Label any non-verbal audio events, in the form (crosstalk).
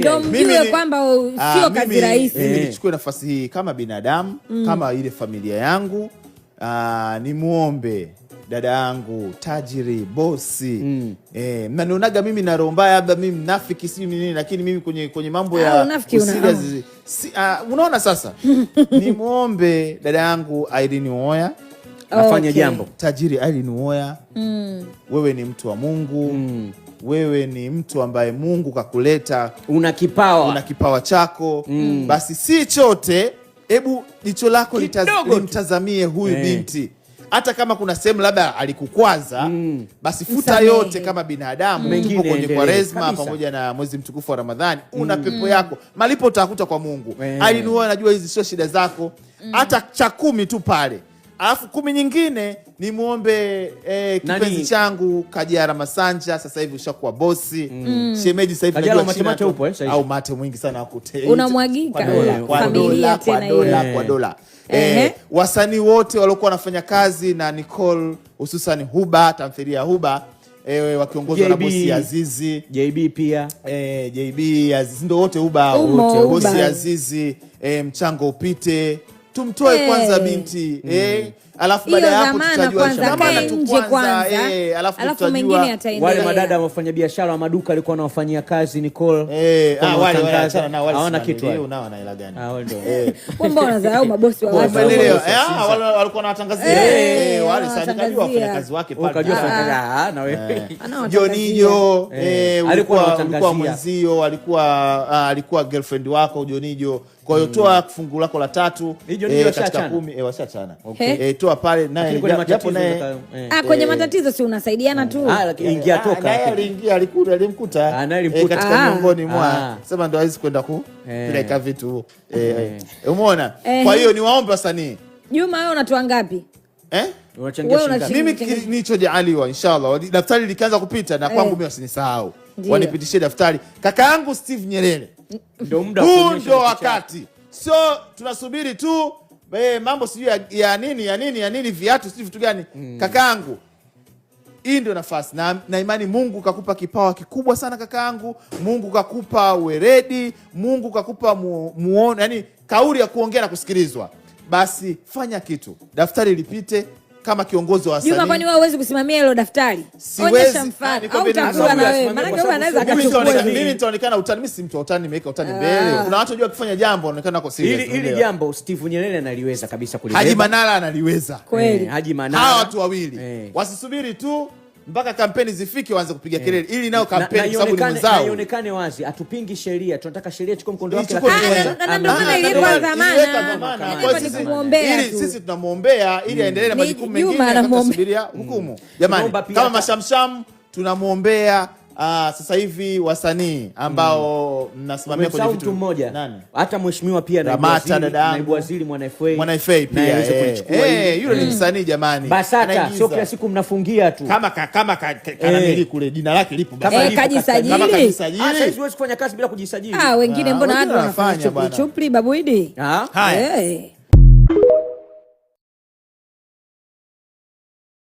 Ndio mjue kwamba ah, sio kazi rahisi. Mimi nichukue nafasi hii kama binadamu mm. kama ile familia yangu aa, ah, nimuombe dada yangu tajiri bosi mm. eh, mnanionaga mimi na roho mbaya, labda mimi mnafiki si nini, lakini mimi kwenye, kwenye mambo ya ah, oh. si, uh, unaona sasa (laughs) nimuombe dada yangu Irene Uwoya afanye okay. jambo tajiri Irene Uwoya mm. wewe ni mtu wa Mungu mm wewe ni mtu ambaye Mungu kakuleta, una kipawa, una kipawa chako mm. Basi si chote, hebu jicho lako limtazamie huyu hey. Eh. binti hata kama kuna sehemu labda alikukwaza mm. basi futa Msamehe. yote kama binadamu mm. tupo kwenye Kwaresma pamoja na mwezi mtukufu wa Ramadhani mm. una pepo yako, malipo utakuta kwa Mungu. Eh. Alinua, najua hizi sio shida zako, mm. hata cha kumi tu pale alafu kumi nyingine ni muombe eh, kipenzi changu Kajara Masanja, sasa hivi ushakuwa bosi mm. mm. Shemeji sasa hivi najua mate mate upo, eh, au mate mwingi sana akute unamwagika kwa dola eh. kwa dola kwa dola eh. eh, wasanii wote waliokuwa wanafanya kazi na Nicole hususan Huba, tamthilia Huba eh, wakiongozwa na bosi Azizi JB pia eh, JB Azizi ndio wote Huba wote bosi Azizi eh, mchango upite tumtoe Kwanza binti mm. hey. Eh? alafu baada ya hapo tutajua kwanza, eh, alafu mengine yataendelea. Wale madada wafanya biashara wa maduka alikuwa anawafanyia kazi Nicole, eh, ah, wale wale wanaachana na wale, hawana kitu wao, una na hela gani? Ah, wao ndio eh, kwa mbona za au mabosi wa watu ah, wale, ah, wale walikuwa wanawatangazia eh, eh wale sasa nikajua wafanya kazi wake pale, ukajua fanya ah, ah, na wewe Joni eh, (laughs) eh. eh alikuwa alikuwa mwenzio, alikuwa alikuwa girlfriend wako Joni Kwa hiyo mm. toa fungu lako la tatu hiyo ndio katika 10 eh, washachana eh kumtoa pale naye japo naye eh. ah, kwenye matatizo si unasaidiana tu, ah, ingia ah, toka. Naye aliingia alimkuta ah, eh, katika miongoni mwa sema, ndo hawezi kwenda kupeleka eh. vitu, umeona. Kwa hiyo ni waombe wasanii, nyuma wewe unatoa ngapi? Eh? Mimi nilichojaaliwa inshallah, daftari likianza kupita na kwangu mimi wasinisahau, wanipitishie daftari. Kaka yangu Steve Nyerere, huu ndo wakati, so tunasubiri tu Be, mambo sijui ya, ya nini ya nini ya nini viatu sijui vitu gani mm. Kakaangu, hii ndio nafasi na, na imani Mungu kakupa kipawa kikubwa sana kakaangu. Mungu kakupa weredi, Mungu kakupa mu, muono, yani kauli ya kuongea na kusikilizwa. Basi fanya kitu, daftari lipite kama kiongozi wa wasanii. Juma, kwani wewe huwezi kusimamia hilo daftari? Onyesha mfano au utakula na wewe. Maana wewe anaweza akachukua. Mimi nitaonekana utani, mimi si mtu wa utani, nimeweka utani ah. mbele. Kuna watu wajua kufanya jambo wanaonekana kwa siri. Hili hili jambo Steve Nyerere analiweza kabisa kulibeba. Haji Manara analiweza. Kweli. Eh, Haji Manara. Hawa watu wawili. Eh. Wasisubiri tu mpaka kampeni zifike waanze kupiga eh. kelele, ili nao kampeni, sababu ni mzao ionekane wazi. atupingi sheria, tunataka sheria ichukue mkondo wake, ili sisi tunamwombea mm. ili aendelee na majukumu mengine, kusubiria hukumu. Jamani, kama mashamsham tunamwombea Ah, sasa hivi wasanii ambao mm. mnasimamia kwenye vitu mmoja. Nani? Hata mheshimiwa pia na naibu waziri Mwana FA. Mwana FA pia. yeye Eh, eh yule ni mm. msanii jamani. BASATA sio kila siku mnafungia tu. Kama ka, kama ka, kana mili eh. kule jina lake lipo basi. Kama kajisajili. Kama kajisajili. Ah, sasa siwezi kufanya kazi bila kujisajili. Ah, wengine ah, mbona watu wanafanya chupli chupli babuidi? Ah. Eh.